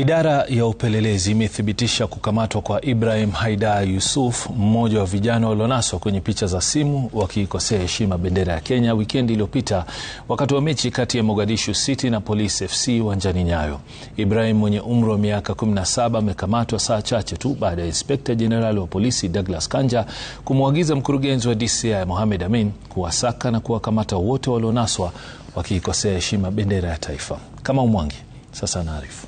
Idara ya upelelezi imethibitisha kukamatwa kwa Ibrahim Haidar Yusuf, mmoja wa vijana walionaswa kwenye picha za simu wakiikosea heshima bendera ya Kenya wikendi iliyopita wakati wa mechi kati ya Mogadishu City na Police FC uwanjani Nyayo. Ibrahim mwenye umri wa miaka 17 amekamatwa saa chache tu baada ya Inspekta Jenerali wa polisi Douglas Kanja kumwagiza mkurugenzi wa DCI Mohamed Amin kuwasaka na kuwakamata wote walionaswa wakiikosea heshima bendera ya taifa. Kama Umwangi sasa anaarifu.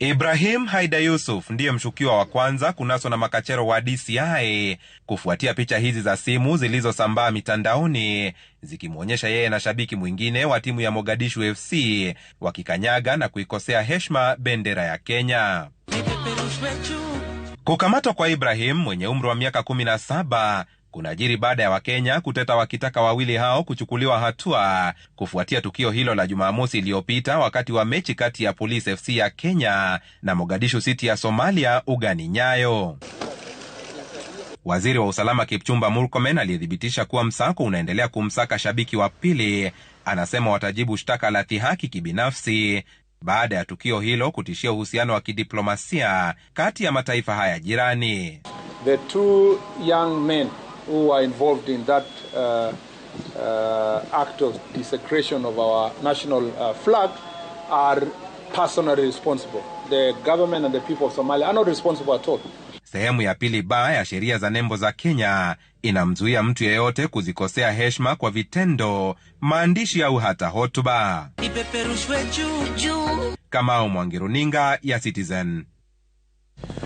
Ibrahim Haida Yusuf ndiye mshukiwa wa kwanza kunaswa na makachero wa DCI kufuatia picha hizi za simu zilizosambaa mitandaoni zikimwonyesha yeye na shabiki mwingine wa timu ya Mogadishu FC wakikanyaga na kuikosea heshima bendera ya Kenya. Kukamatwa kwa Ibrahim mwenye umri wa miaka 17 kunajiri baada ya Wakenya kuteta wakitaka wawili hao kuchukuliwa hatua kufuatia tukio hilo la Jumamosi iliyopita wakati wa mechi kati ya Police FC ya Kenya na Mogadishu City ya Somalia ugani Nyayo. Waziri wa usalama Kipchumba Murkomen aliyethibitisha kuwa msako unaendelea kumsaka shabiki wa pili, anasema watajibu shtaka la dhihaki kibinafsi baada ya tukio hilo kutishia uhusiano wa kidiplomasia kati ya mataifa haya jirani. The two young men who are involved in that uh, uh, act of desecration of our national uh, flag are personally responsible. The government and the people of Somalia are not responsible at all. Sehemu ya pili ba ya sheria za nembo za Kenya inamzuia mtu yeyote kuzikosea heshima kwa vitendo, maandishi au hata hotuba. Ipeperushwe juu juu. Kamau Mwangi, runinga ya Citizen.